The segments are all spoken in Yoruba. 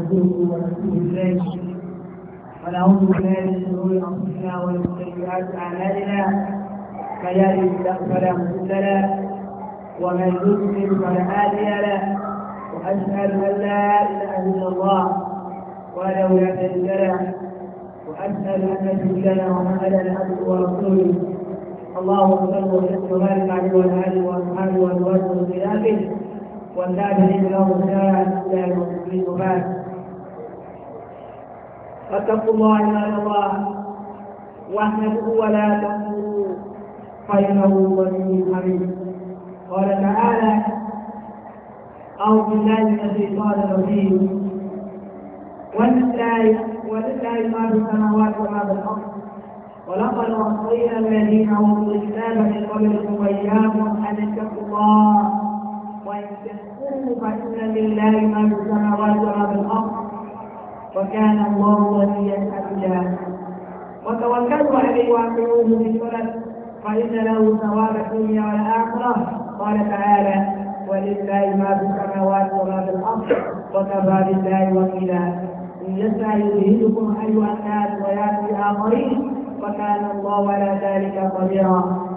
ونستهديه ونؤمن اليه ونعوذ بالله من شرور انفسنا ومن سيئات اعمالنا من يهده الله فلا مضل له ومن يضلل فلا هادي له واشهد ان لا اله الا الله وحده لا شريك له واشهد ان سيدنا محمدا عبده ورسوله اللهم صل وسلم وبارك عليه وعلى اله واصحابه وازواجه وخلافه والتابعين لهم ساعه الى يوم الدين وبعد فاتقوا الله عباد الله واهنبوه ولا تنفروا فإنه ولي حميد قال تعالى أو بالله من الشيطان الرجيم ولله ولله ما في السماوات وما في الأرض ولقد وصينا الذين أوتوا الكتاب من قبلكم وإياكم أن اتقوا الله وإن تشكروا فإن لله ما في السماوات وما في الأرض وكان الله وليا حميدا وتوكلوا عليه واطيعوه بالسنن فان له ثواب الدنيا والاخره قال تعالى ولله ما في السماوات وما في الارض وكفى بالله وكيلا ان يسعى يذهبكم ايها الناس وياتي اخرين وكان الله على ذلك قديرا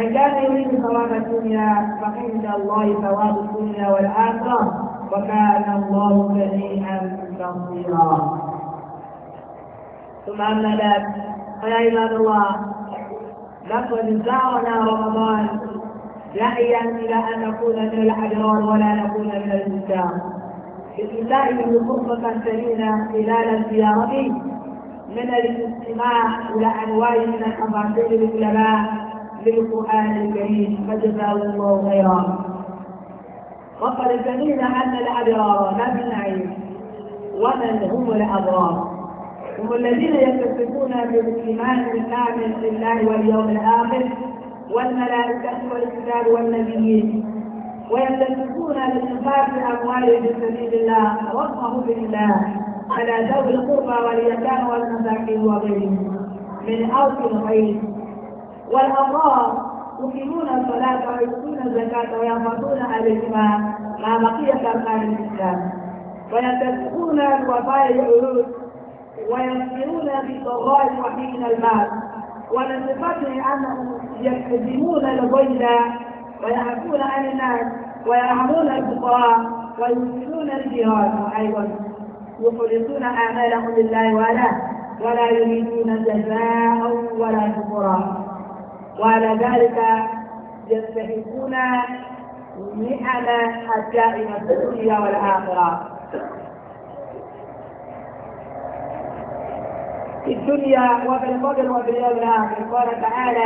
من كان يريد ثواب الدنيا فعند الله ثواب الدنيا والاخره وكان الله سميعا كثيرا ثم أما لك فيا عباد الله لقد زارنا رمضان داعيا إلى أن نكون من الاحجار ولا نكون من الإسلام بإنسائه فرصة سليمة خلال زيارته من الاستماع إلى أنواع من التفاصيل العلماء للقرآن الكريم فجزاه الله خيرا وقد سمعنا أن الأبرار لا بالنعيم ومن هم الأبرار هم الذين يتصفون بالإيمان الكامل لله واليوم الآخر والملائكة والكتاب والنبيين ويتصفون بإنفاق أموالهم في سبيل الله وصفه بالله على ذوي القربى واليتامى والمساكين وغيرهم من أوفي الخير والأبرار يقيمون الصلاة ويؤتون الزكاة وينفقون عليهما ما بقي من الإسلام ويتبعون الوفاء بالعلوم ويسيرون بالضراء وحين المال ومن صفته انهم يكذبون الغيل ويعفون عن الناس ويرحمون الفقراء ويرسلون الجهاد ايضا يخلصون اعمالهم لله ولا ولا يريدون جزاء ولا شكرا وعلى ذلك يستحقون نعم الدائمه الدنيا والاخره في الدنيا وفي القبر وفي اليوم الآخر قال تعالى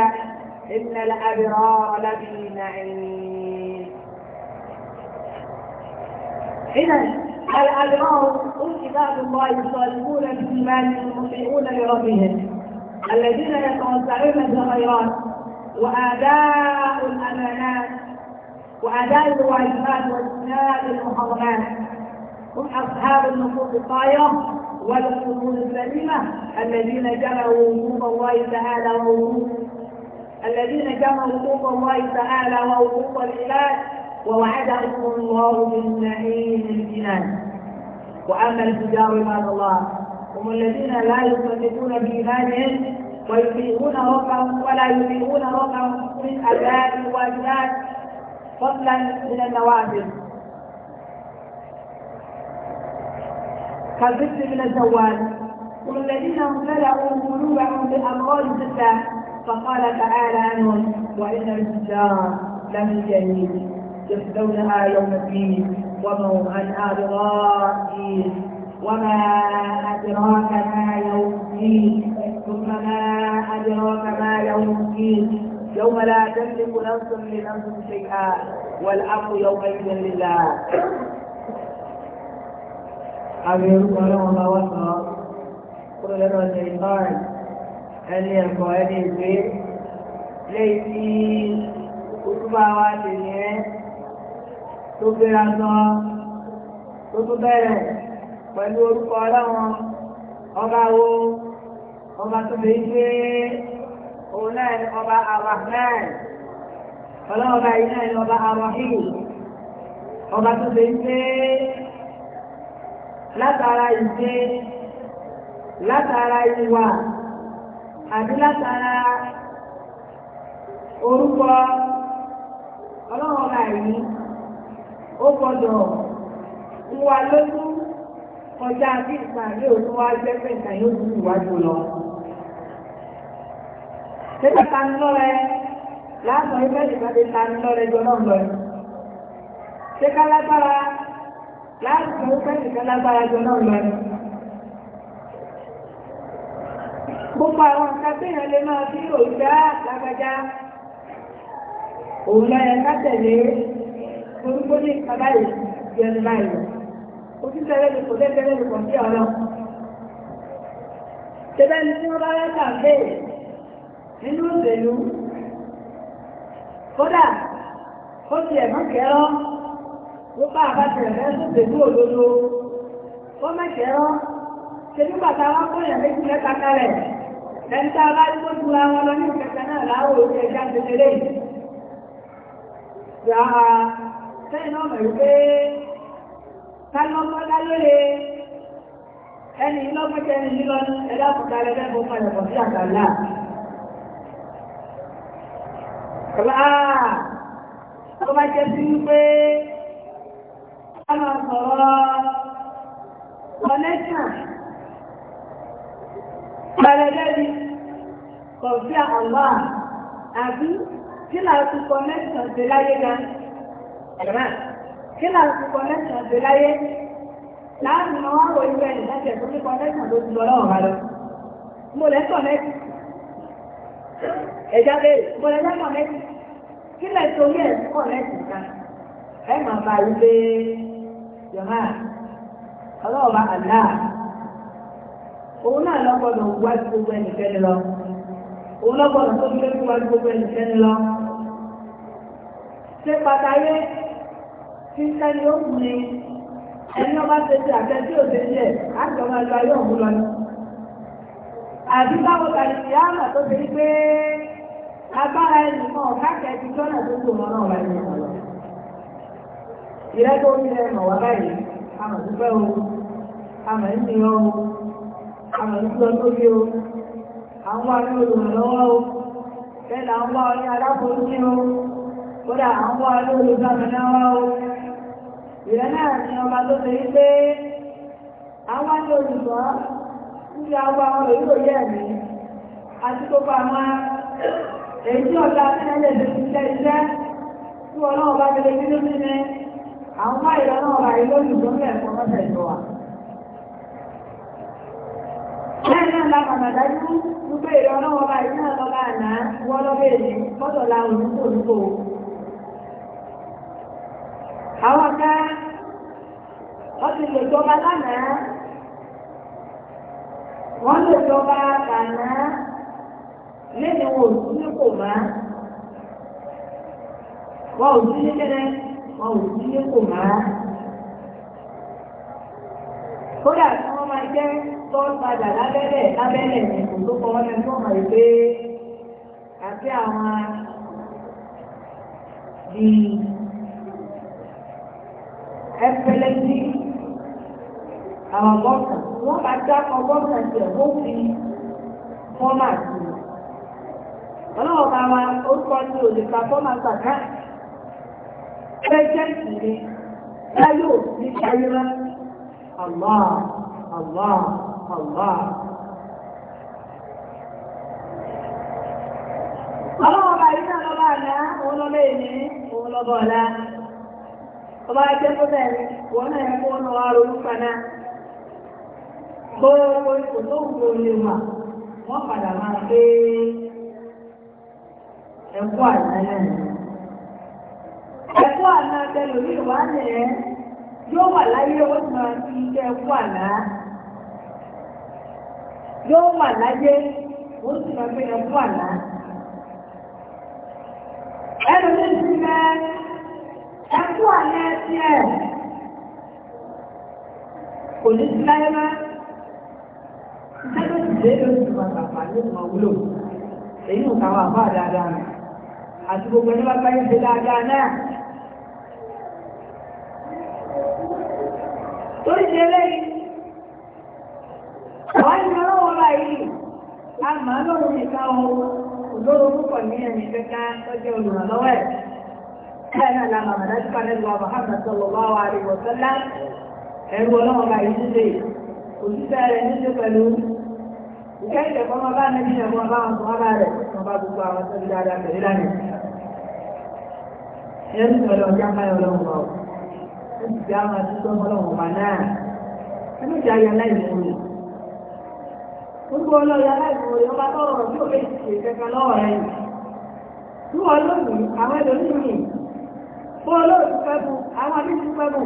إن الأبرار لفي نعيم إذا الأبرار هم عباد الله الصالحون في الإيمان المطيعون لربهم الذين يتوسعون بالخيرات وآداء الأمانات وأداء الواجبات واجتناب المحرمات هم أصحاب النفوس الطاهرة والقرون السليمة الذين جمعوا وجوب الله تعالى ووجوب الذين جمعوا وجوب الله تعالى ووجوب العباد ووعدهم الله بالنعيم الجنان وأما الفجار عباد الله هم الذين لا يصدقون بإيمانهم ويطيعون ربهم ولا يطيعون ربهم من اباء الواجبات فضلا من النوافل والبر من الزوال والذين امتلأوا قلوبهم بأقوال الزكاة فقال تعالى عنهم وإن الفجار لمن جليل يفدونها يوم الدين وما هم عنها بغائبين وما أدراك ما يوم الدين ثم ما أدراك ما يوم الدين يوم لا تملك نفس لنفس شيئا والأمر يومئذ لله abẹ́rúkọ ọlọ́wọ́n bá wá sọ kúrò lẹ́nu ọ̀sẹ̀ ìtọ́rin ẹni ẹ̀kọ́ ẹni ìgbé léyìí tí òtúbà wa ti yẹn tó gbéra sọ tó tún bẹ̀rẹ̀ pẹ̀lú orúkọ ọlọ́wọ́n ọba wo ọba tó lè gbé òun náà ni ọba Ar-Rahman ọlọ́wọ́n ni ọba ar ọba tó lè gbé. látara ìgbé látara ìwà àbí látara orúkọ ọlọ́run ó gbọdọ̀ ń lójú kọjá bí ìpàdé òun wá jẹ́ pé ìwájú lọ. Tẹ́lẹ̀ tani lọ́rẹ láàbọ̀ ẹgbẹ́ ìpàdé tani lọ́rẹ jọ náà lọ. láti mú kẹ́kẹ̀ẹ́ lágbára jọ náà lọ ni. Gbogbo àwọn akẹ́kẹ̀ẹ́ lè máa bí òjá lágbájá. Òun lọ yẹn kátẹ̀lé orúkọ ní ìpàdá yìí jẹun láì lọ. Òṣìṣẹ́lẹ̀ ní kò lẹ́gbẹ̀rẹ́ ní kọ̀ọ̀tì ọ̀rọ̀. Tẹ́lẹ̀ ní tí wọ́n bá rẹ́ kàfé nínú òṣèlú. Kódà, ó ti ẹ̀mọ́ kẹ́rọ́ ló bá àbájẹ rẹ tó tẹ̀lú òdodo ó mẹ́jẹ̀ rán ṣe nígbà tá a wá kó èèyàn méjì mẹ́ta kalẹ̀ lẹ́ni tá a bá tó ju àwọn lọ ní ìkẹta náà láwọ̀ òkè ẹja tẹ̀lé yàrá sẹ́yìn náà mọ̀ wípé kálọ́mọ́ lálóye ẹni lọ́gbẹ́jẹ́ ẹni lílọ ẹ̀dá kùtà lẹ́gbẹ́ bó padà bọ̀ sí àgbàlá. Kọ̀lá tó bá jẹ́ sí wípé ọmọ sọ̀rọ̀ connection pẹ̀lẹ́lẹ́bí kọ̀fí àwọ̀ àbí kí láà tún connection dé láyé gan ẹ̀rọ kí láà tún connection dé láyé láàrin wọn wọ ìwé ìdájẹ́ tó ní connection tó ti lọ lọ́wọ́ wa lọ lẹ́ ẹ̀ máa bá ilé jọ̀mọ́ ọlọ́ọ̀bá àlá òun náà lọ́gbọ́dọ̀ wá sí gbogbo ẹnikẹ́ni lọ òun lọ́gbọ́dọ̀ tó ń gbé wá sí gbogbo lọ ṣe pàtàyé tí sẹ́ni ó kù ẹni ọba ṣe ti àtẹ tí ò ṣe jẹ àjọba ìlú ayé òun lọ ni àbí báwo àmà tó ṣe agbára tó náà wáyé ìrẹ́jọ́ orílẹ̀ ẹ̀mọ̀ wà báyìí àmà dúpẹ́ o àmà ìní o àmà ìlú lórí o àwọn wà ní olùrànlọ́wọ́ o bẹ́ẹ̀ là ń wá ọ ní alákòókí o kódà à ń wá ọ ní olùgbàmọ̀náwá o ìrẹ́ náà ni ọba tó ṣe yí pé àwọn ní olùsọ́ níbi àwọn àwọn èyí ò yẹ àti gbogbo àwọn èyí tí wọn bá ti lè fi ní àwọn máìlá náà ra ilé olùgbò ní ẹ̀kọ́ mọ́tẹ̀ ìlú wa. Bẹ́ẹ̀ náà la màmá dájú wípé ìrọ̀ náà wọ́n bá náà àná wọ́n Àwọn ká wọ́n ti lè jọba lánàá, wọ́n lè wọn ò sí kò máa. kódà tí wọ́n máa jẹ́ tọ́padà lábẹ́lẹ̀ lábẹ́lẹ̀ ní kò tó kọ́ wọn lẹ́nu ọmọ ìgbé àti àwọn di ẹ̀fẹ́lẹ́tì àwọn bọ́ọ̀sà wọ́n bá dákọ̀ bọ́ọ̀sà sí ẹ̀kọ́ fi fọ́mà sí ọlọ́wọ́ bá wa ó sọ ní òdìkà fọ́mà sàkáà ẹjẹ́ ìsinmi láyé òsì ayé rẹ Allah Allah Allah. Allah bá yìí náà lọ́ba àná òun lọ́ba èmi òun lọ́ba ọ ọba ẹgbẹ́ wọn náà yẹ kó ń lọ́wọ́ ronú paná gbogbo wà padà ẹ̀kọ́ àná tẹlòmí ìwádìí ẹ̀ yóò wà láyé ó ti máa fi iṣẹ́ ẹ̀kọ́ àná yóò wà láyé ó sì máa fi ẹ̀kọ́ àná. ẹnu ní ti mẹ ẹ̀kọ́ àná ẹtí ẹ̀ kò ní sí láyé má sẹ́dọ̀ sì lé lóṣù pàtàkì àti ìmọ̀ wúlò èyí ò káwọn àbá dáadáa àti gbogbo ẹni bá gbáyé ṣe dáadáa náà. torí ṣe lẹ́yìn wọ́n ní ọlọ́wọ́ báyìí a máa lọ́rùn nìkan o òdòrò púpọ̀ ní ẹ̀mí kẹta ọjọ́ olùrànlọ́wọ́ ẹ̀ bẹ́ẹ̀ náà la màmá dájú pàdé lọ Muhammad sallallahu alaihi wa sallam ẹ̀rù ọlọ́wọ́ báyìí ṣíṣe òṣìṣẹ́ rẹ̀ níṣe pẹ̀lú ìkẹ́kẹ̀ẹ́ fọmọ bá nẹ́bí ẹ̀fọn bá wọn fọmọ bá rẹ̀ wọn bá gbogbo àwọn tó ń dáadáa ó sì já máa dúpẹ́ ọlọ́run ọba náà ẹnu ìjà yẹn láìmọ̀ rẹ̀ gbogbo ọlọ́yà láìmọ̀ rẹ̀ ọba tọrọ ọ̀rọ̀ tí ò lè lọ́wọ́ rẹ̀ tí wọ́n lónìí àwọn ẹlòmíràn fún olóòtú pẹ́bù àwọn abíjú pẹ́bù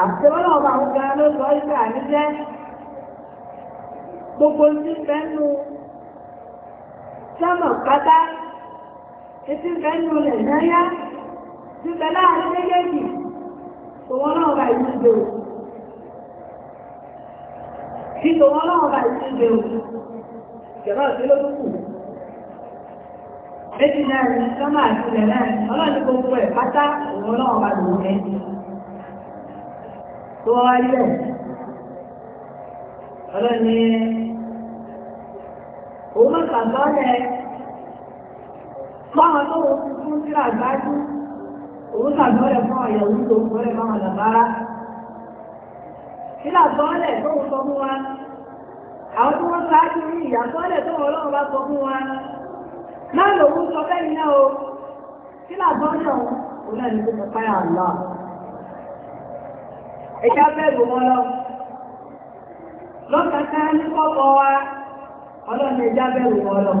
àtẹ́wọ́n ọba àwọn ọ̀gá ló sọ ìgbà níjẹ́ gbogbo tí fẹ́nu sọ́mọ̀ pátá etí fẹ́nu lẹ̀ náyà níbẹ̀ láàrin méjèèjì tòun náà bá ìlú ìdè o tí tòun náà bá ìlú ìdè o ìjọba òṣèlú kù méjì náà ní sọ́mà àti ilẹ̀ náà gbogbo ẹ̀ pátá òun náà bá lòun ẹ̀ tó wá ilẹ̀ ọlọ́ọ̀ni òun náà kà òun sàgbọ́lẹ̀ fún àyẹ̀wò tó ń gbọ́lẹ̀ fún àwọn àlàbárá tó ń sọ fún wa àwọn tí wọ́n sáájú ní ìyàsọ́lẹ̀ tó wọ́n lọ́wọ́ bá sọ fún wa sọ o òun náà fáyà bẹ́ẹ̀ ọlọ́run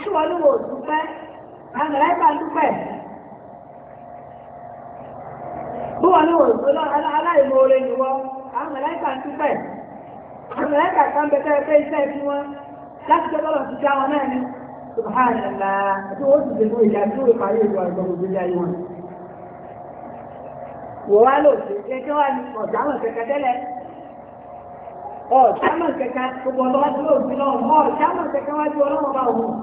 tí wọ́n ló wò dúpẹ́ àgbàlá ìgbà dúpẹ́ bí wọ́n ló wò dúpẹ́ aláìmoore ni wọ́n àgbàlá ìgbà dúpẹ́ àgbàlá ìgbà kan bẹ tẹ́lẹ̀ pé iṣẹ́ fi wọ́n láti tẹ́ bọ́lọ̀ ti já náà ni subhanallah tí wọ́n ti dìbò ìjà tí ó parí ìlú àgbọ̀n òjòjì ayé wọn wọ́n wá lò sí ẹjọ́ wa ní ọ̀dáwọn kẹ̀kẹ́ tẹ́lẹ̀ ọ̀dáwọn kẹ̀kẹ́ gbogbo ọlọ́wọ́ tó lò sí lọ́wọ́ ọ̀dáwọn kẹ̀kẹ́ wájú ọlọ́wọ́ bá òun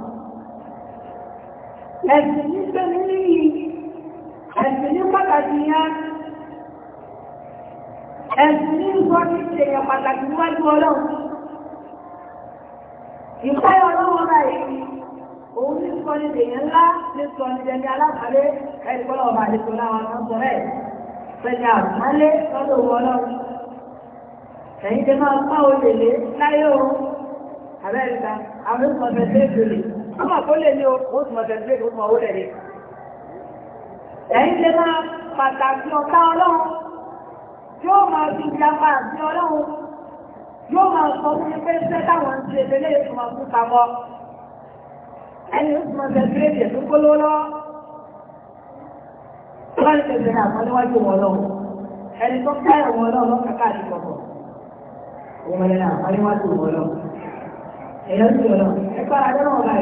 ẹ̀sìn ní sẹ́ni níyì ẹ̀sìn ní pàtàkì yẹn ẹ̀sìn ní sọ ní èèyàn pàtàkì níwájú ọlọ́run ìpáyọ̀ ọlọ́run ọ̀rá yìí òun ní sọ ní èèyàn ńlá ní sọ ní ẹni alábàálẹ̀ ẹ̀ẹ́dẹ́gbọ́lọ́ ọba àdìsọ láwọn ọ̀nà sọ̀rọ̀ ẹ̀ pẹ̀lú àbálẹ̀ lọ́dọ̀ wọ ọlọ́run ẹ̀yin tẹ máa pá olè lé láyé o àbẹ́ẹ̀ta ọmọ kó lè ní oṣù mọ̀tẹ́lẹ́ oṣù mọ̀ owó tẹ̀lé ẹ̀yìn lè máa pàtàkì ọ̀tá ọlọ́run yóò máa fi ìjàmbá àti ọlọ́run yóò máa sọ fún mi pé ṣẹ́ táwọn ti lè tẹ́lẹ̀ oṣù mọ̀ fún pamọ́ ẹni oṣù mọ̀tẹ́lẹ́ tẹ̀ tó kó lọ́wọ́ wọ́n ti tẹ̀lé àwọn níwájú wọn lọ́wọ́ ẹni tó káyọ̀ wọn lọ́wọ́ lọ́kàkà àdìgbọ̀bọ̀ òun ẹ̀rọ àwọn níwájú wọn lọ́wọ́ ẹ̀yọ́ sí ọlọ́run ẹ̀kọ́ adẹ́rọ̀ ọ̀la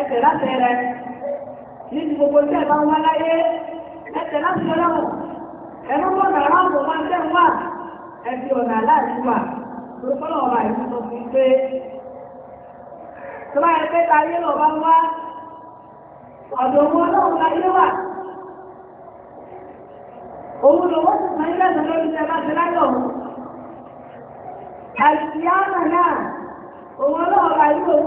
ẹsẹ̀ láti rẹ̀ níbi gbogbo tí ẹ̀ bá ń wá láyé ẹsẹ̀ láti ọlọ́run ẹnu bọ̀nà aláàbò máa ń tẹ̀ wá ẹbí ọ̀nà aláàbò wà lórúkọ́lọ̀ ọ̀rọ̀ àìsàn tó fi pé tó bá yẹ pé táyé lọ bá ń wá ọ̀dọ̀ òun ọlọ́run láyé wà òun lọ́wọ́ sì máa ń lẹ́sẹ̀ lórí tẹ́ bá ti láyọ̀ òun àìsíyá náà náà òun ọlọ́run láyé òun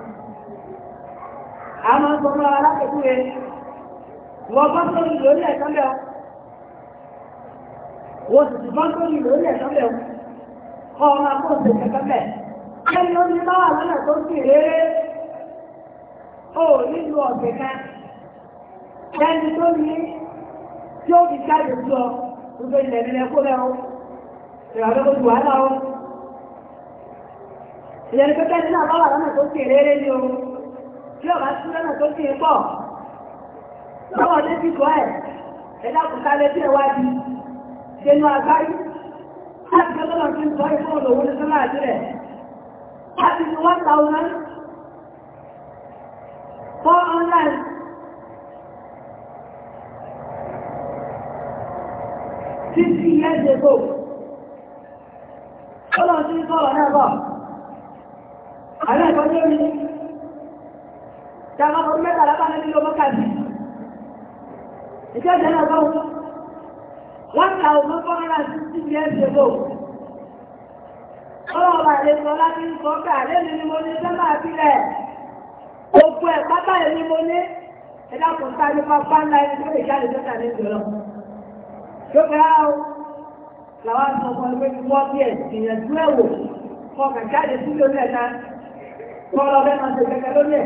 a máa ń rẹ̀ wọ́n bá sọ́rọ̀ lórí ẹ̀sán wọ́n sì bá sọ́rọ̀ lórí ẹ̀sán kọ́ ọmọ akóòsè kẹ̀kẹ́ bẹ́ẹ̀ ẹni ó ní bá lọ́nà tó sì réré ó nílùú ọ̀gbẹ̀ kan ẹni tó ní tí ó fi jáde sí gbogbo ilẹ̀ nílẹ̀ kó lẹ́rọ ìrọ̀lẹ́ gbogbo wàhálà ọ ìyẹn pẹ́kẹ́ nínú àbáwà lọ́nà tó sì réré ní ohun tí ọba tí lọ́nà tó ti ń pọ̀ lọ́wọ́ létí kọ́ ẹ̀ ẹ̀dá kùtà létí ẹ̀wádìí dénú agbáyé láti gbé lọ́nà tí ń sọ ìfún òlòwò ní sọ́lá àti láti ní one thousand four hundred fifty years ago ó lọ sí sọ̀rọ̀ náà bọ̀ àlẹ́ ìkọ́jú mi táwọn ọmọdún mẹ́tàlá bá nẹ́bí lọ́mọ káàdì ìjọ ìjọba bá wọn one thousand four hundred and sixty years ago ọlọ́wọ́ bá lè sọ láti ń sọ ká lẹ́nu ni mo ní sẹ́mà àbílẹ̀ gbogbo ẹ̀ pátá yẹn ni mo ní ẹ̀dá kò ń tàbí pápá ńlá ẹni tó lè jáde lọ́tà ní ìjọ náà tó kẹ́ á o làwọn àti ọmọ ẹgbẹ́ ti wọ́n bí ẹ̀ ìyẹn dúró ẹ̀wò kọ́ kàjáde sílé orí náà kọ́ lọ bẹ́ẹ̀ máa ṣe kẹ́kẹ́ lórí ẹ̀.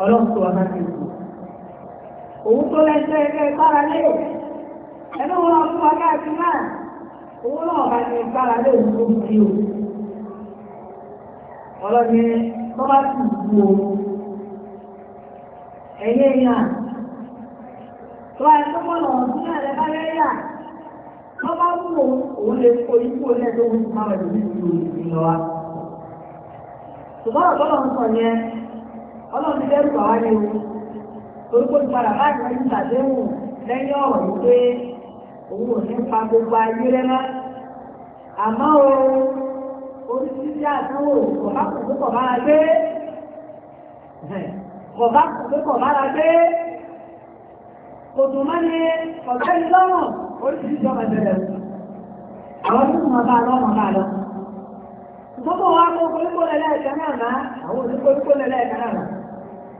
ọlọ́run tó òun tó lẹ́sẹ̀ ẹgbẹ́ ìpára lé wọn fún wa káàkiri náà òun náà bá ti ìpára òun tó fi o ọlọ́ni tó bá ti kú o ẹ̀yẹ yà tó ayé tó mọ̀ lọ́wọ́ tó náà bá yẹ yà tó bá wù o òun lè kó ikú o lẹ́ẹ̀dọ́gbọ̀n tó máa wẹ̀ lórí ìlú ìlú wa ṣùgbọ́n ọ̀pọ̀lọpọ̀ yẹn ọlọ́run ti dẹ́rù bàwá ni o torí pé padà láti rí ìtàdéhùn lẹ́yìn ọ̀rọ̀ yìí pé òun ò ní pa gbogbo ayé rẹ́rá àmọ́ o oríṣiríṣi àdánwò kọ̀bá kò tó kọ̀ gbé kọ̀bá kò tó kọ̀ gbé kò tó ní ọ̀gá yìí lọ́rùn oríṣiríṣi ọmọ ìbẹ̀rẹ̀ àwọn tó mọ̀ bá lọ́mọ bá lọ. Gbogbo wa kó koríko lẹ́lẹ́ ẹ̀ka náà náà, àwọn òní koríko lẹ́lẹ́ ẹ̀ka náà náà.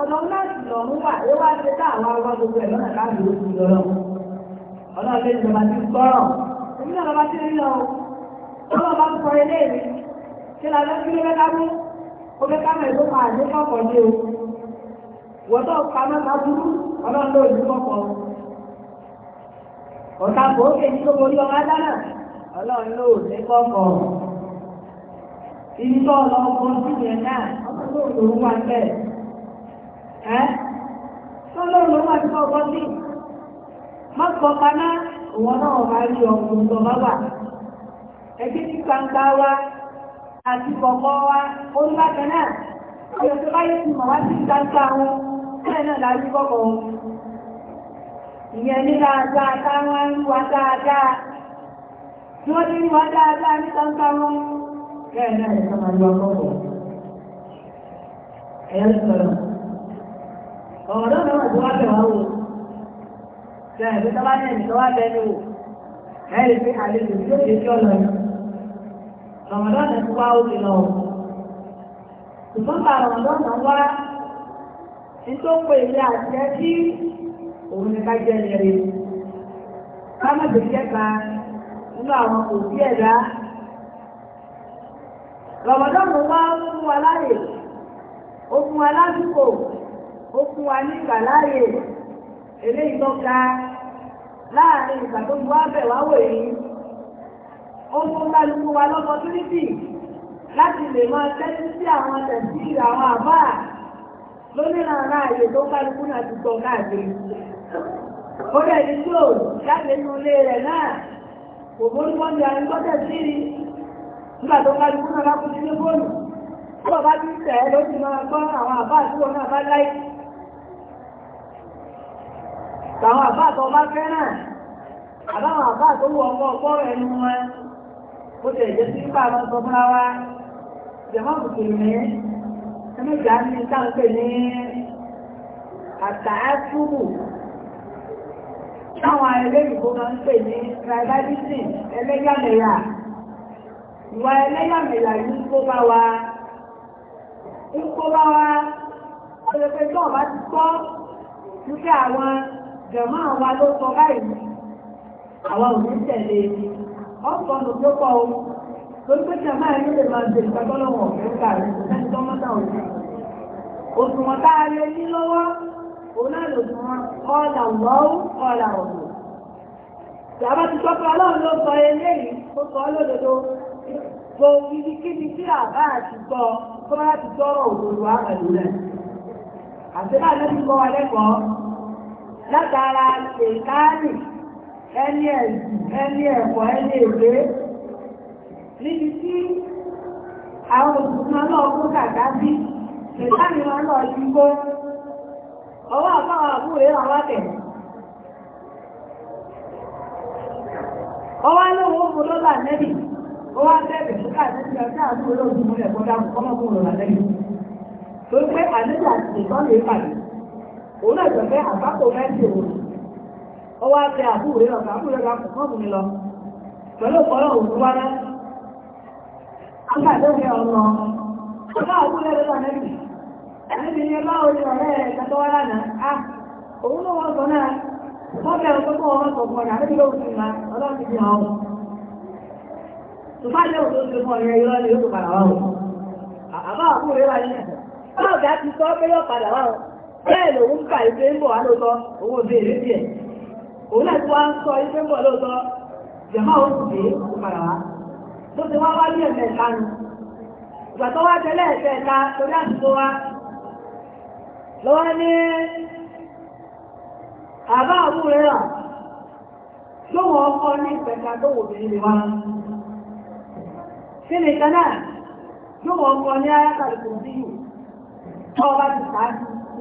ọ̀nà láti lọ mú wà ló wá ṣe tá àwọn gbogbo ẹ̀ lọ́nà láti ló ti lọ́rọ̀ ọ̀nà ilé ìjọba ti gbọ́rọ̀ èmi náà lọ́ba ti rí lọ ọlọ́ bá sọ ilé mi kí la kí ló fẹ́ lábú ó ká mẹ́rin tó pa àdé kọ̀ọ̀kan ní o wọ́tọ̀ pa mẹ́ta burú ọlọ́run ló ìlú kọ̀ọ̀kan ọ̀tá kò ó kéjì tó borí ọmọ dáná ọlọ́run ló ní kọ̀ọ̀kan ibi Sọlọ ụlọ ló máa ti bá ọkọ sí náà máa rí tó bá wà wa àti kọ̀kọ́ náà tó mọ̀ wá sí kàńkà wọn bẹ́ẹ̀ náà ìyẹn ní dáadáa táwọn ń wá dáadáa tí wọ́n ti ọ̀rọ̀ náà tó wá wò ṣe tó bá ní ẹ̀mí tó wá bẹ̀ wò ẹ̀ lè àlejò tí ó kéjì ọ̀nà yìí náà tó wá ṣùgbọ́n bá náà wá nítorí àṣẹ tí òun ní ká jẹ́ ẹ̀rẹ́ kẹta nínú àwọn òbí ẹ̀dá ó fún wa ní ìgbàláyè eléyìí tó ga láàrin ìgbà tó bu abẹ wá wò yìí ó fún kálukú wa lọ́pọ̀túnítì láti lè máa tẹ́tí sí àwọn tẹ̀sí àwọn àbá lónìrànà àyè tó kálukú náà ti gbọ́ káàkiri. ó rẹ̀ ní tó jáde nínú ilé rẹ̀ náà kò mórúkọ́ ní àríkọ́ tẹ̀sí rí nígbà tó kálukú náà bá kú sí ní fóònù. tó bá ti tẹ̀ ẹ́ ló ti máa gbọ́ àwọn àbá àtúwọ̀ náà bá láìpẹ́. Àwọn àbá tó bá fẹ́ náà, àbáwọn àbá wọ wọn, ó sí àwọn ní ní Táwọn ẹlẹ́yìnbó máa ń pè ní tribalism, ẹlẹ́yàmẹ̀yà. Ìwà ẹlẹ́yàmẹ̀yà yìí ń kó bá wa, ń kó bá wa, jẹ̀mọ́ àwa ló sọ báyìí àwa ò ní tẹ̀lé ọ̀pọ̀ e. ló tó pọ̀ o lórí pé jẹ̀mọ́ ẹni lè máa dè ìgbàgbọ́lọ́wọ̀ ọ̀fẹ́ gbà rẹ̀ lẹ́ni tó mọ́tà òjò òṣùwọ̀n tá a lè ní lọ́wọ́ òun náà lò fún wọn ọ̀là wọ́ọ́ ọ̀là ọ̀dọ̀ ìjàmbá ti sọ pé ọlọ́run ló sọ eléyìí ó sọ ọ́ lódodo gbogbo ibikíbi tí àbá àti sọ tó a lẹ́nu kọ́ wa lẹ́kọ̀ọ́ látara ṣèkáàlì ẹni ẹ̀sùn ẹni ẹ̀kọ́ ẹni èké níbi tí àwọn òṣìṣẹ́ náà kó kàkà sí ṣèkáàlì wọn náà ti ọwọ́ wákẹ̀ ọwọ́ fún lọ́lá nẹ́bì ọjọ́ òun náà gbẹ̀gbẹ́ àbákò mẹ́tì òun ó wá tẹ àbúrò rẹ̀ lọ́kàn àbúrò rẹ̀ lọ́kàn mọ́ mi lọ pẹ̀lú ọ̀pọ̀lọ́ òun wá náà nígbà tó fi ọ̀nà ọ̀nà àbúrò rẹ̀ lọ́nà ẹ̀mí ẹ̀mí ni ọlá orí ọ̀rẹ́ rẹ̀ kẹtọ́ wá lánàá á òun ló wọ́n sọ náà wọ́n bẹ̀rẹ̀ pé kó wọ́n sọ fún ọ̀nà àbẹ́bí ló fi máa ọlọ́run ti fi hàn ọ́ tùfáàlẹ́ òun tó ti fún ọ̀rẹ́ irọ́ ni yóò tó bẹ́ẹ̀ lòun kà ìpé ń bọ̀ wá lóòótọ́ owó ìdè ìlú díẹ̀ òun náà ti wá sọ ìpé ń bọ̀ lóòótọ́ jẹ̀mọ́ ó sì dé kó wá tó ti wá wá ní ẹ̀mẹ̀ta nù ìgbà tó wá tẹ́lẹ̀ ẹ̀ẹ̀ta torí àtúntò wá lọ́wọ́ ní àbá àbú rẹ̀ rà lóhun ọkọ ní ìpẹ̀ta tó wò bí wá sí nìkan náà lóhun ọkọ ní ayátàlùkù sí yìí tọ́ ọba ti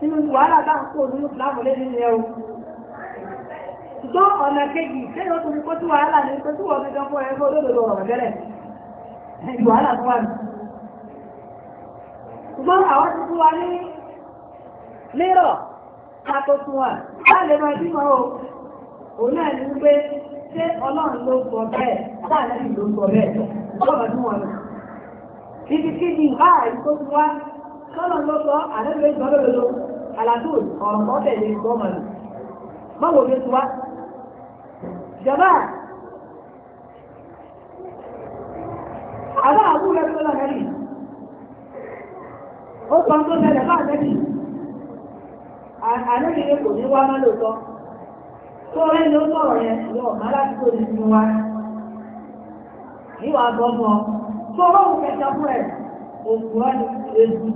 nínú wàhálà bá ń kó nínú ìsìláàmù lé nínú ẹ̀rù ṣùgbọ́n ọ̀nà kejì lẹ́yìn ó tún ní kó tí wàhálà ní pé tí wọ́n fi gan fún ẹgbẹ́ olódodo ọ̀rọ̀ tẹ́lẹ̀ wàhálà tó wà ní ṣùgbọ́n àwọn ti fún wa ní lérò tako tún wa láàlè máa bí mọ́ o òun náà ní pé ṣé ọlọ́run ló sọ bẹ́ẹ̀ láàlè ló sọ bẹ́ẹ̀ lọ́wọ́ tún wọn ibi kí ni báyìí tó tún wá sọ́lọ́run ló sọ àlejò ìgbọ́lódodo àlàtún ọ̀rọ̀ kan tẹ̀lé gọ́ọ̀mọ̀ rẹ̀ báwo ni ó ti wá jọba àbá àbúrò ẹgbẹ́ lọ́nà rí ó sọ tó tẹ̀lé bá àtẹ́bí àlẹ́bìnrin kò ní wá má lóòótọ́ tó rẹ́ ni ó sọ̀rọ̀ yẹn ìwọ ọ̀má láti tó ní fi wá níwà gbọ́mọ tó rọ́ọ̀kẹta fún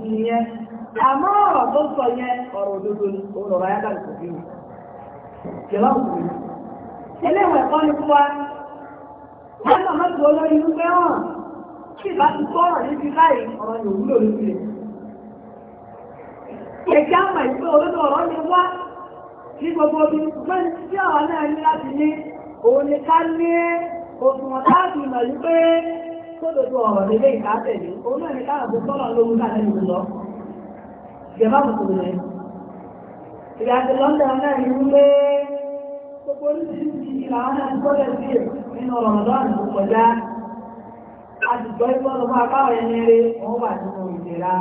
ni àmọ́ ọ̀rọ̀ tó sọ yẹn ọ̀rọ̀ òdodo ni òun ọ̀rọ̀ ayáta kò bí mi jẹ̀wá kò bí mi eléwọ̀ ẹ̀kọ́ ni fún wa wọ́n náà má tó olórí inú pé hàn tí ìbá ti kọ́ ọ̀rọ̀ níbi báyìí ọ̀rọ̀ yóò wúlò lórí rẹ̀ kẹ̀kẹ́ àmọ̀ ìpé olódò ọ̀rọ̀ ni wá ní gbogbo omi ṣùgbọ́n tí ọ̀rọ̀ náà ní láti ní òun ni ká ní òṣùwọ̀n láti ìmọ̀ yìí pé jẹ̀má kòkòrò rẹ̀. Ìrìnàjò lọ́dọ̀ náà ní wípé gbogbo oríṣiríṣi ìlànà náà gbọ́dọ̀ sí nínú Ramadan tó kọjá. A ti gbọ́ ipò ọ̀rọ̀ máa báwọn ẹni rẹ̀ wọ́n wà nínú ìjẹ̀ra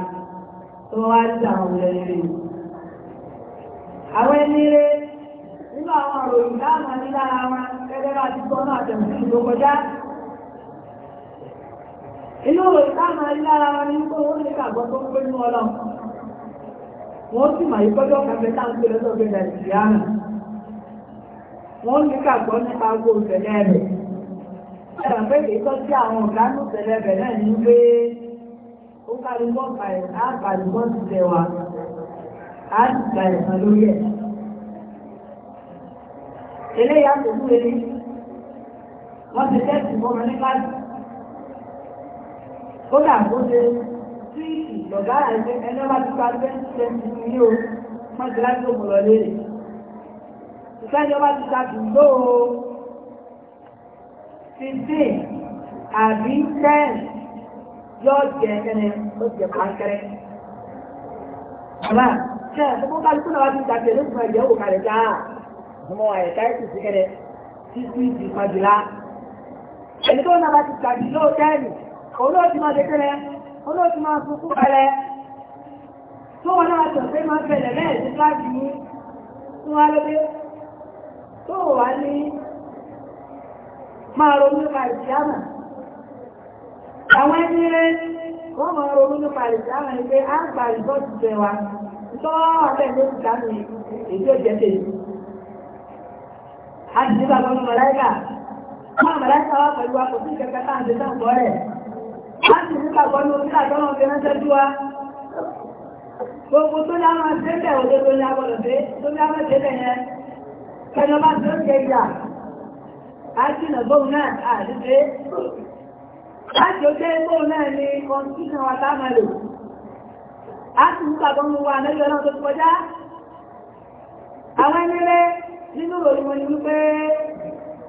tó wá sí àwọn ẹni rẹ̀. Àwọn ẹni rẹ̀ nínú àwọn àròyìn láàmà ní Inú òròyìn láàmà ní wọn ní kó wọ́n lè kàgbọ́ tó ń gbé ní ọlọ́run. wọ́n sì máa ìkọ́jọ́ kàfẹ́ táwọn ìlọ́dọ̀ fi nàìjíríà wọ́n ní kàgbọ́ nípa agbó ìṣẹ̀lẹ̀ rẹ̀ ṣàfẹ́ ìtọ́ sí àwọn rẹ̀ náà ní pé ó ti tẹ̀ wá ẹ̀sán lórí ẹ̀ eléyà tó kú wọ́n ti tẹ́sì mọ́ wọn nípa síìtì lọ́gá ẹgbẹ́ ẹgbẹ́ bá ti parí bẹ́ẹ̀ ṣe ti fi ní o wọ́n ti láti òkú lọ lé rẹ̀ ìfẹ́jọ́ bá ti ṣàtì ló o fifteen àbí ten yóò jẹ ẹnẹ ó jẹ pankẹrẹ àbá ṣe ẹ̀fọ́ kálukú náà wá ti ṣàtì ẹ̀ lóṣù ẹ̀jẹ̀ òkú kalẹ̀ já ọmọ ẹ̀ka ẹ̀sìn sí kẹ́rẹ́ títí di pàjùlá ẹni tó náà máa ṣe kẹ́rẹ́ olóòtú máa fukú pẹ̀lẹ́ tó wọn náà tọ̀ pé máa pẹ̀lẹ́ lẹ́ẹ̀sí láti ní fún wa lóde tó wà ní máa ronú nípa ìjáàmà àwọn ẹni rẹ̀ wọ́n ronú nípa ni pé á gba ìbọ́ ti jẹ wa tọ́ọ̀ bẹ́ẹ̀ ló ti dá mi jẹ́ wa láti gbogbo tó ní àwọn àṣẹ́bẹ̀ òde tó ní agbọ́dọ̀ pé tó ní àwọn àṣẹ́bẹ̀ yẹn pẹ̀lú ọba tó ń jẹ ìyà láti nà gbóhùn náà àdíṣe láti ó dé gbóhùn náà ní constitution wa táàmà lò láti nípa gbọ́nà wa lẹ́yìn ọlọ́run tó kọjá àwọn ẹnẹ́rẹ́ nínú òní wọn ni wípé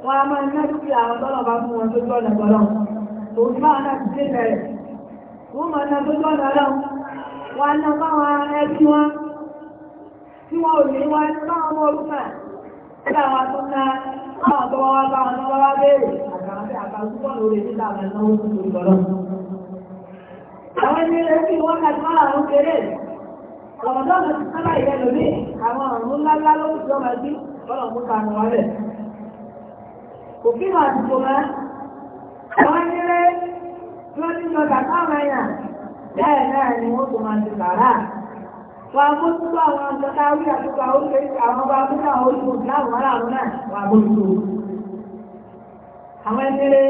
wọn a máa ná dúkìá àwọn tọ́lọ̀ bá fún wọn tó gbọ́nà gbọ́nà òun bá wọn láti dé bẹ̀rẹ̀ wọ́n máa na tó lọ́dọ̀ ọlọ́run wọ́n á ná báwọn ẹbí wọn tí wọ́n ò ní wá ní báwọn ọmọ orúkà tí àwọn tó ná báwọn tó wá báwọn tó wá béèrè àgbàǹdé àgbàǹdúgbọ̀n lórí nígbà àwọn ẹ̀nà oṣù tó lọ́rọ̀. àwọn ẹni rẹ̀ fi wọ́n kà sí máa ń kéré ọ̀mọ̀dọ́nà ti sábà ìrẹ́ lórí àwọn ọ̀run ńláńlá ló ń sọ Àwọn nílé tí ó ti lọ bàbá àwọn èèyàn bẹ́ẹ̀ náà ni wọ́n tó máa ti bàrà. Wà á mójútó àwọn ọ̀dọ́ta orí àtúkọ àwọn oríṣiríṣi àwọn ọba abúlé àwọn olùkọ́ láwọn aráàlú náà wà á mójútó. Àwọn ẹgbẹ́lé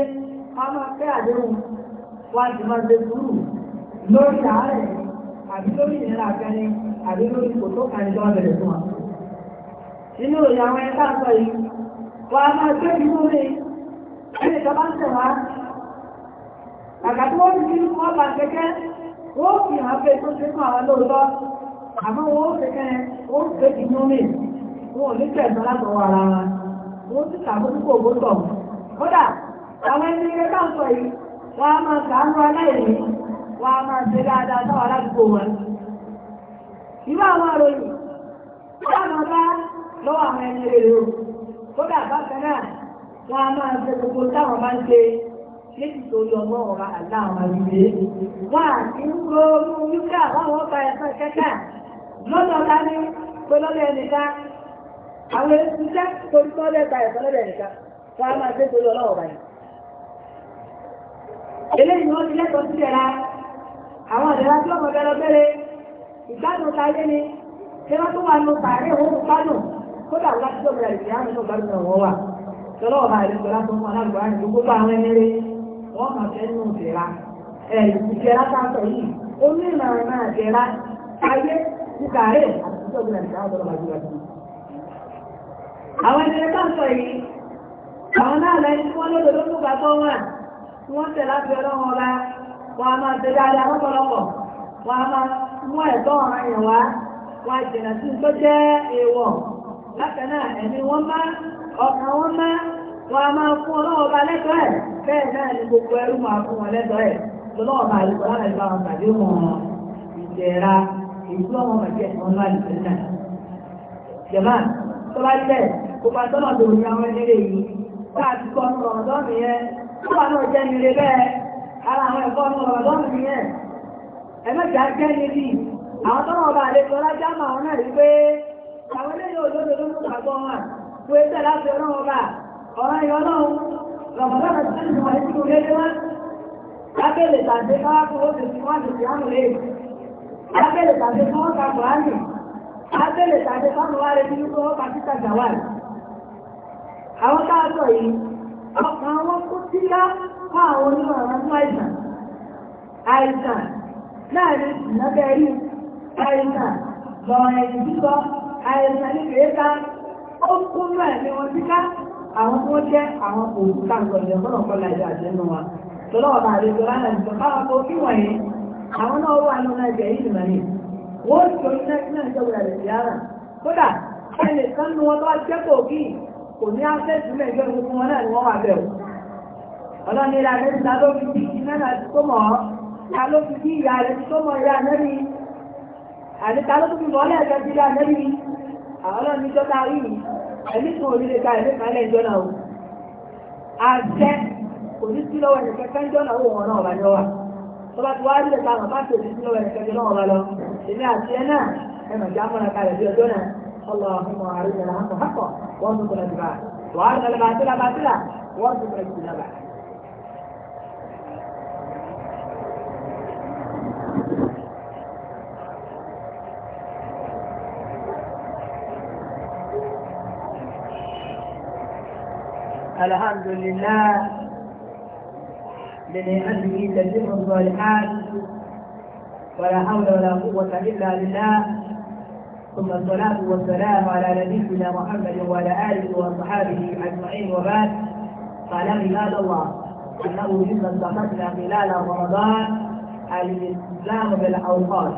wọ́n máa fẹ́ àdéhùn wọ́n ti máa ṣe sùúrù lórí àárẹ̀ àbí lórí ìnira àfẹ́ni àbí lórí kò tó kàn jọ bẹ̀rẹ̀ fún wa. Inú ìyàwó ẹ̀ ẹni ìjọba ń tẹ̀wá àgbàtí wọ́n ti kí wọ́n bá kẹ́kẹ́ ó fi hàn pé tó ṣe fún àwọn lóòótọ́ àmọ́ wọ́n kẹ́kẹ́ ó ṣe ti ní omi wọn ò ní tẹ̀sán látọwọ́ ara wọn wọ́n ti ṣàkóso ògbótọ̀ kódà àwọn ẹni ilé bá ń sọ yìí wọ́n á máa ṣàánú aláìní wọ́n á máa ṣe dáadáa sáwọn aládùúgbò wọn ìwọ àwọn àròyìn wọ́n á máa bá lọ́wọ́ àwọn ẹni rere o kódà bákan náà wọ́n á máa jẹ gbogbo táwọn máa ń ṣe létí tó yọ ọmọ ọ̀rọ̀ àlá àwọn àgbègbè wọ́n á ti ń kó mú yúkà wọ́n wọ́n ba ẹ̀sán kẹ́kà lọ́dọ̀ ọ̀la ní pẹ̀lọ́lẹ̀ ẹnìkan àwọn ìṣiṣẹ́ torí tó lẹ́ta ẹ̀sán lọ́dọ̀ ẹnìkan wọ́n á máa jẹ́ torí ọlọ́wọ̀ báyìí. eléyìí wọ́n ti lẹ́tọ̀ọ́ sí ẹ̀ra àwọn àdàlá tí ọmọ bẹ́ẹ̀ lọ bẹ́ẹ̀ tọ́lọ́ ọba àdìsọ látọ̀ fún aláàbò àrùn gbogbo àwọn ẹni wọ́n mọ̀ fẹ́ nù ìdẹ̀ra ẹ̀ ìdẹ̀ra yìí ó ní ìlànà náà ìdẹ̀ra ayé bukare àti ìjọba ìjọba ìjọba àwọn ẹni sáfọ̀ yìí àwọn náà lẹ́yìn tí wọ́n lọ́dọ̀ ló tún wọ́n tẹ̀ ọ̀nà wọn máa wọn máa fún ọlọ́wọ́ bá lẹ́tọ̀ọ́ ẹ̀ bẹ́ẹ̀ náà ni gbogbo ẹrú máa fún wọn lẹ́tọ̀ọ́ ẹ̀ lọ́wọ́ bá àlùkò láti bá wọn tàbí wọn ìjẹra èyí tí wọn bá tẹ̀ àwọn tọ́nà ọba àlejò ọlájà máa wọn rí pé àwọn eléyìí òdodo ló ń gbàgbọ́ wọn kò é tẹ̀lé àti ọlọ́run ọba ọ̀rọ̀ ìyọ́ náà rọ̀mọ̀dọ́nà tí ó ń wà nínú lédè wá lábẹ́lẹ̀ tàbí káwá kó ó ti fi wọ́n ti fi hàn lé lábẹ́lẹ̀ tàbí káwọ́ ka bùhánì lábẹ́lẹ̀ tàbí àìsàn lọ́rọ̀ ẹ̀yìn sísọ àìsàn ní kèéká ó kún náà ní wọn síká àwọn tó jẹ́ àwọn òǹkà ìgbọ̀nlẹ̀ mọ́nà kọlá ìjà àti ẹnu wa lọ́wọ́ bá rí tó lánàá ìjọ báwọn tó kí wọ̀nyí àwọn náà wà ní ọ̀nà ẹgbẹ̀ yìí mẹ́rin wọ́n ti orí náà náà ìjọba rẹ̀ sí ara kódà ẹnì kan nu wọn tó wá jẹ́ kò kí kò ní áṣẹ́sì mẹ́jọ gbogbo wọn náà ni wọ́n wà bẹ̀ wò ọlọ́ni ilé alẹ́ ti ta ló fi bí iná náà ti tó mọ̀ ọ́ ta ló fi bí àwọn náà ní jọ́ta rí yìí ẹ̀mí kan ò ní lè ka ẹ̀mí kan lẹ́ ìjọ́nà o àṣẹ kò ní sí lọ́wọ́ ẹ̀nì kẹ́kẹ́ ìjọ́nà o wọn náà wà ní ọwà tó bá ti wá rí lè ka àwọn bá ti òní sí lọ́wọ́ ẹ̀nì kẹ́kẹ́ náà wà lọ èmi àti ẹ náà ẹ mà já mọ́ra kalẹ̀ bí ọjọ́ náà اللهم أعرضنا عنه حقا وارزقنا اتباعه وأرنا الباطل باطلا وارزقنا الحمد لله بنعمته تتم الصالحات ولا حول ولا قوة إلا بالله ثم الصلاة والسلام على نبينا محمد وعلى آله وصحابه أجمعين وبعد قال عباد الله أنه مما استفدنا خلال رمضان الإسلام بالأوقات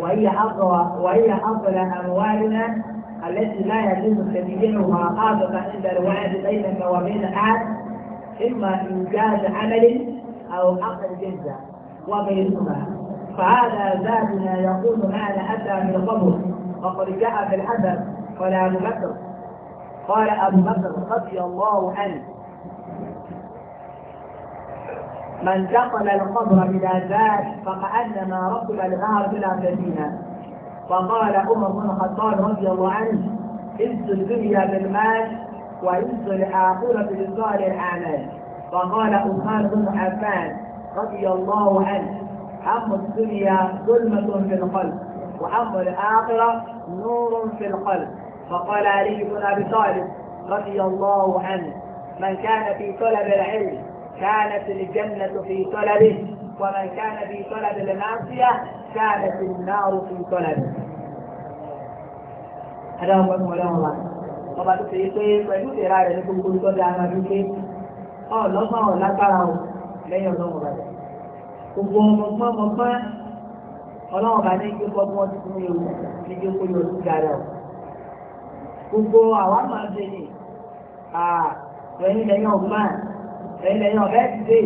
وهي أفضل وهي أفضل أموالنا التي لا يجوز تدينها خاصة عند الوعد بينك وبين أحد إما إنجاز عمل أو حق جزة وبينهما فهذا زادنا يقول معنا أتى من القبر وقد جاء في الحسن قال أبو بكر قال أبو بكر رضي الله عنه من دخل القبر بلا زاد فكأنما ركب الغار بلا سفينة فقال عمر بن الخطاب رضي الله عنه عز الدنيا بالمال وعز الآخرة بصالح الأعمال فقال عثمان بن عفان رضي الله عنه أما الدنيا ظلمة في القلب وأما الآخرة نور في القلب فقال علي بن أبي طالب رضي الله عنه من كان في طلب العلم كانت الجنة في طلبه ومن كان في طلب المعصية كانت النار في طلبه هذا هو المولى الله ọba tó ṣe pé pẹ̀lú ìlera rẹ̀ ní gbogbo tó dáa máa dúpé ọlọ́gbọ́n ọ̀lágbára o lẹ́yìn ọlọ́run ọba rẹ̀ gbogbo ọmọgbọ́n ọmọgbọ́n ọlọ́run ọba ní kí ọgbọ́n ti fún ewu ní kí ó kó yọ o gbogbo àwa máa ṣe ní lẹ́yìn lẹ́yìn ọgbọ́n lẹ́yìn lẹ́yìn ọ̀bẹ́ ti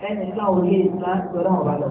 dé lẹ́yìn náà òye ìgbà ọlọ́run ọba lọ.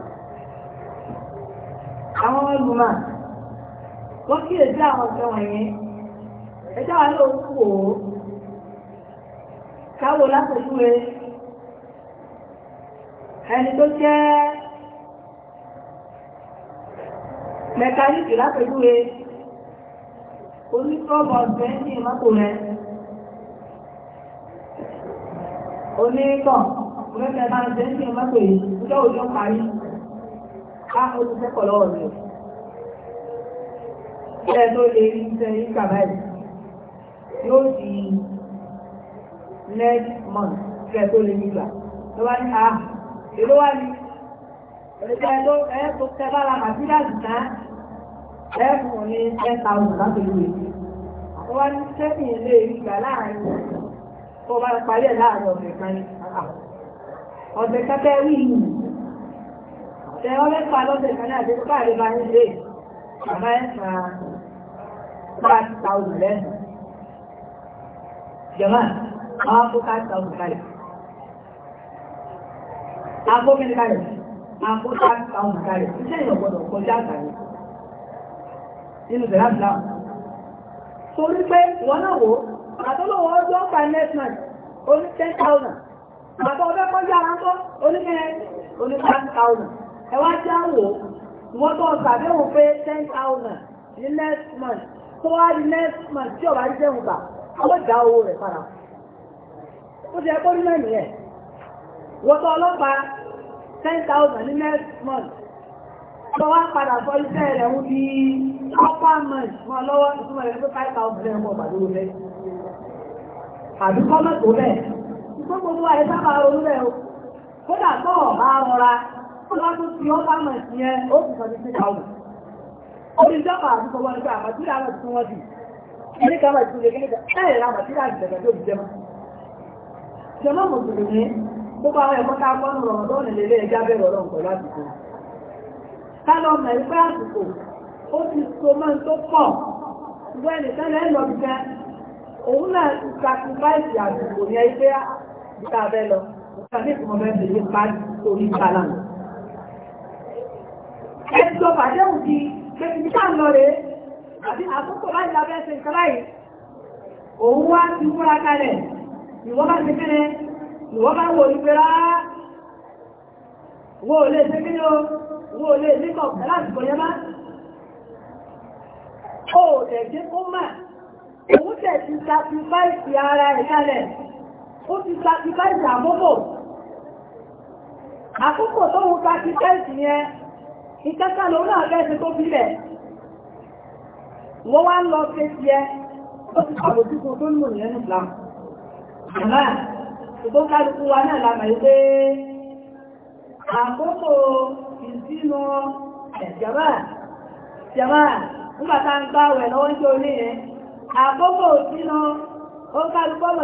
àwọn ọlùmọ̀ wọ́n kí èdè àwọn ọ̀sẹ̀ wọ̀nyẹn ẹjọ́ wa ló kú o káwo látọ̀jú rẹ ẹni tó jẹ́ mẹkáníìkì látọ̀jú rẹ onífọ́ọ̀bù ọ̀sẹ̀ ní ìmọ́tò rẹ onítọ̀ mẹ́fẹ̀ẹ́ máa jẹ́ ní ìmọ́tò yìí á ah, ó ti kẹ́kọ̀ọ́ lọ́wọ́ mi ẹ tó lè rí iṣẹ́ yíká báyìí yóò di next month kẹ́ tó lè nígbà tó bá ní à ah, èló wá ní ẹ̀ẹ́dẹ́ tó ẹ̀ tó tẹ́ bá la màtíríà jìnnà ẹ̀ fún ní ten thousand láti lè rí tó bá ní sẹ́yìn ilé ìgbà láàrin tó bá parí ẹ̀ láàrin ọ̀sẹ̀ kan ní ọ̀sẹ̀ kẹ́kẹ́ rí yìí tẹ ọ mẹ́fà lọ́sẹ̀ kan náà dé káàdé bá ní ilé àmọ́ ẹ̀ máa five thousand lẹ́nu jẹ̀mọ́ àwọn kó five thousand kalẹ̀ àpò mẹ́rin kalẹ̀ àpò five thousand kalẹ̀ iṣẹ́ ìrọ̀gbọ́dọ̀ kọjá àtàlẹ́ nínú ìbẹ̀rẹ̀ àbúlá torí pé wọ́n náà wò àtọ́lọ́wọ́ ọjọ́ finance oní ten thousand àtọ́ ọbẹ̀ kọjá àwọn tó oníkẹ́ oní five thousand ẹ wá já wò wọ́n tó ṣàdéhùn pé ten thousand ní next month tó wá ní next month tí ọ̀bá jẹ́ òun gbà àwọn ìdá owó rẹ̀ padà ó ti ẹkọ́ nínú ẹ̀mí ẹ̀ wọ́n tó ọlọ́pàá ten thousand ní next month tó wá padà sọ iṣẹ́ rẹ̀ ń di upper month wọn lọ́wọ́ ìtumọ̀ rẹ̀ pé five thousand rẹ̀ ń bọ̀ pàdé òun lẹ́yìn àdúgbò mẹ́tò bẹ́ẹ̀ ìgbógbogbo àìsábà olúrẹ̀ o kódà tó ọ̀bá rọra Jọmọ́ mùsùlùmí, gbogbo àwọn ẹ̀kọ́ ká gbọ́nù rọ̀mọ̀dọ́nì lè lè ẹjá bẹ̀rẹ̀ ọ̀rọ̀ nǹkan lásìkò. Ká lọ mẹ̀rí pé àsìkò, ó ti so mọ́ tó pọ̀, ṣùgbọ́n ẹnìkan lẹ́ lọ bí jẹ́, òun náà ti sacrifice àsìkò yẹn pé ìta bẹ́ lọ, ìta ní ìtumọ̀ mẹ́rin lè pa torí ìta ẹjọ́ pàdéhùn di pẹ̀sìmítà ń lọ rẹ̀ àbí àkókò láti lábẹ́ ṣe nǹkan láyé òun wá ti múra kalẹ̀ ìwọ́n bá ṣe kéré ìwọ́n bá wò wípé rá wo ò lè ṣe kéré o wo ò lè ṣe kọ̀ láti kọ̀ yẹn má ó ẹ̀jẹ̀ kó mà òun tẹ̀ ti sacrifice ara ẹ̀ kalẹ̀ ó ti sacrifice àkókò àkókò tóun sacrifice yẹn ìkẹ́kẹ́ lòun náà fẹ́ ṣe tó bílẹ̀ wọ́n wá ń lọ sí ẹ ó ti pàbò tí tó ń ní ẹnu ìlà àkókò ìsínú ẹ̀jẹ̀mà jẹ̀mà ń gbá wẹ̀ lọ́wọ́ tí ó ní yẹn àkókò ìsínú ó kálukú ọmọ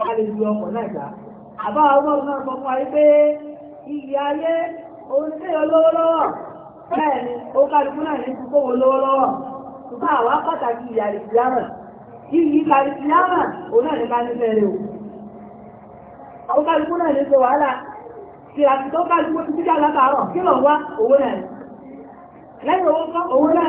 bá lè lu ọkọ̀ náà gbà àbá ọlọ́run náà pé iyì ayé òun tí ó lówó bẹ́ẹ̀ ni ó kálukú náà ní kókó wo lówó ṣùgbọ́n àwa pàtàkì ìyà ìsìlámà iyì ìsìlámà òun náà ní bá ní fẹ́rẹ̀ o ó kálukú náà ní ṣe wàhálà ti dídá látàárọ̀ kí lọ wá owó náà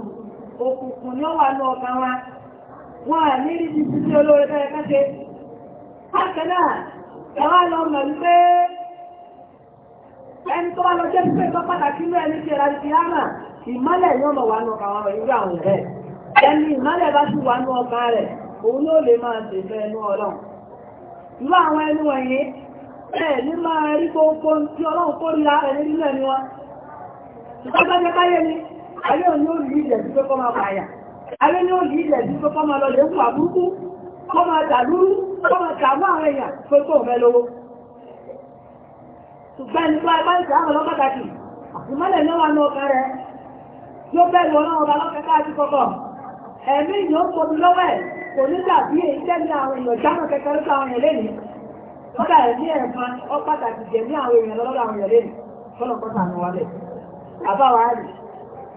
òkùnkùn ní ọwà ní a wa wọ́n à ní ríbi sí sí olóore bẹ́ẹ̀ náà ẹ̀wà lọ mọ̀ wípé ẹni tó wá lọ jẹ́ pípé tó pàtàkì ní ẹni ṣe ìmọ́lẹ̀ ní ọmọ wa ní ọkàn wa irú àwọn rẹ̀ ẹni ìmọ́lẹ̀ bá sì wà ní rẹ̀ òun ló lè máa ẹnu ọlọ́run irú àwọn ẹnu ní máa rí tí ọlọ́run ẹni wọn ayé òní ó lè ilẹ̀ sí pé kọ́ máa pààyà ayé ní ó lè ilẹ̀ sí pé kọ́ máa lọ lè fún àbúrúkú kọ́ máa dàlúrú kọ́ máa dàmú àwọn èèyàn pé kó fẹ́ lówó ṣùgbọ́n ẹni tó bá ń sàmọ̀ lọ pàtàkì wà ní ọkàn rẹ̀ yóò bẹ̀rù ọlọ́run ọba lọ́kẹ́kẹ́ àti kọ́kọ́ ẹ̀mí yóò fomi lọ́wọ́ ẹ̀ kò ní dàbí èyí tẹ́lẹ̀ àwọn èèyàn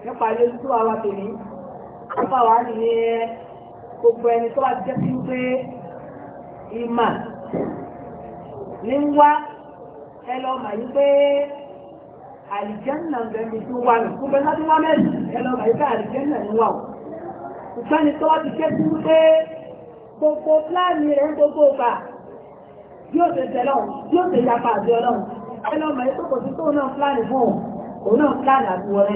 nípa ilé tó wà wá tèmi nípa wà nìyẹn gbogbo ẹni tó bá jẹ́ sí pé ìmà ní ń wá ẹ lọ mà yí pé àlìjẹ́nà bẹ̀mí tó wà nù kúbẹ́ láti wá mẹ́rin ẹ lọ mà yí pé àlìjẹ́nà ń wà o ìfẹ́ni tó wá ti jẹ́ sí pé gbogbo pláàni rẹ̀ ń gbogbo ọgbà yóò ṣe tẹ̀lé yóò ṣe yapa àbí ọlọ́run ẹ mà yí pé kò sí tóun náà pláàni fún òun náà pláàni àbí wọlé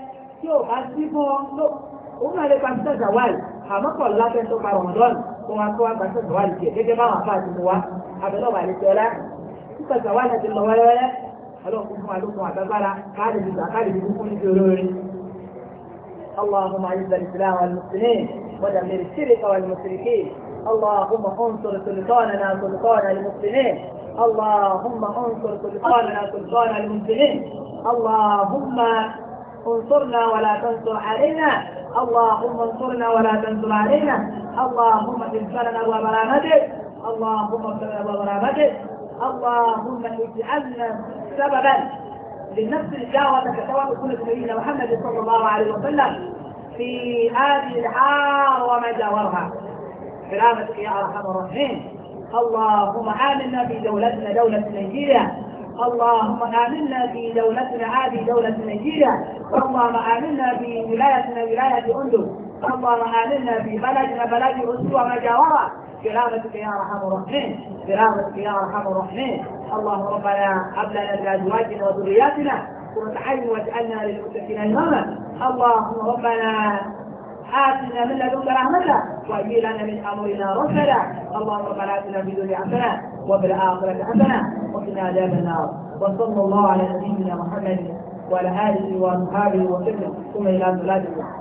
tí ò bá sí fún ọ tó òun náà lè pa sí tẹ̀sán wáyé àmọ́ pọ̀ lábẹ́ tó pa rọ̀mọ̀dọ́n tó wọn tó wá gba tẹ̀sán wáyé tiẹ̀ gẹ́gẹ́ báwọn afá àti mo wá abẹ́lẹ́ ọ̀bà lè tẹ̀lá tí tẹ̀sán wáyé ti lọ oun naa le pase si ọlọ́run pa romodon to wa to wa ló fún àgbàgbára káàdì ìgbà káàdì ìgbà fún níbi olóore اللهم اعز الاسلام والمسلمين ودمر الشرك والمشركين اللهم انصر سلطاننا سلطان المسلمين اللهم انصر سلطاننا سلطان المسلمين اللهم انصرنا ولا تنصر علينا اللهم انصرنا ولا تنصر علينا اللهم اجعلنا لنا اللهم اجعلنا لنا اللهم اجعلنا سببا لنفس الدعوة كتواب كل سيدنا محمد صلى الله عليه وسلم في هذه الحار وما جاورها برحمتك يا ارحم الراحمين اللهم امنا في دولتنا دوله نيجيريا اللهم آمنا في دولتنا هذه دولة نيجيريا اللهم آمنا في ولايتنا ولاية أندو اللهم آمنا في بلدنا بلد أسوة مجاورة برحمتك يا ارحم الراحمين برحمتك يا ارحم الراحمين اللهم ربنا هب لنا ازواجنا وذرياتنا قرة عين واجعلنا للمتقين اماما اللهم ربنا آتنا من لدنك رحمة وأجيلنا من أمرنا رشدا اللهم ربنا آتنا في دنيا حسنة وبالآخرة حسنة وقنا عذاب النار وصلى الله على نبينا محمد وعلى آله وأصحابه وسلم ثم إلى الله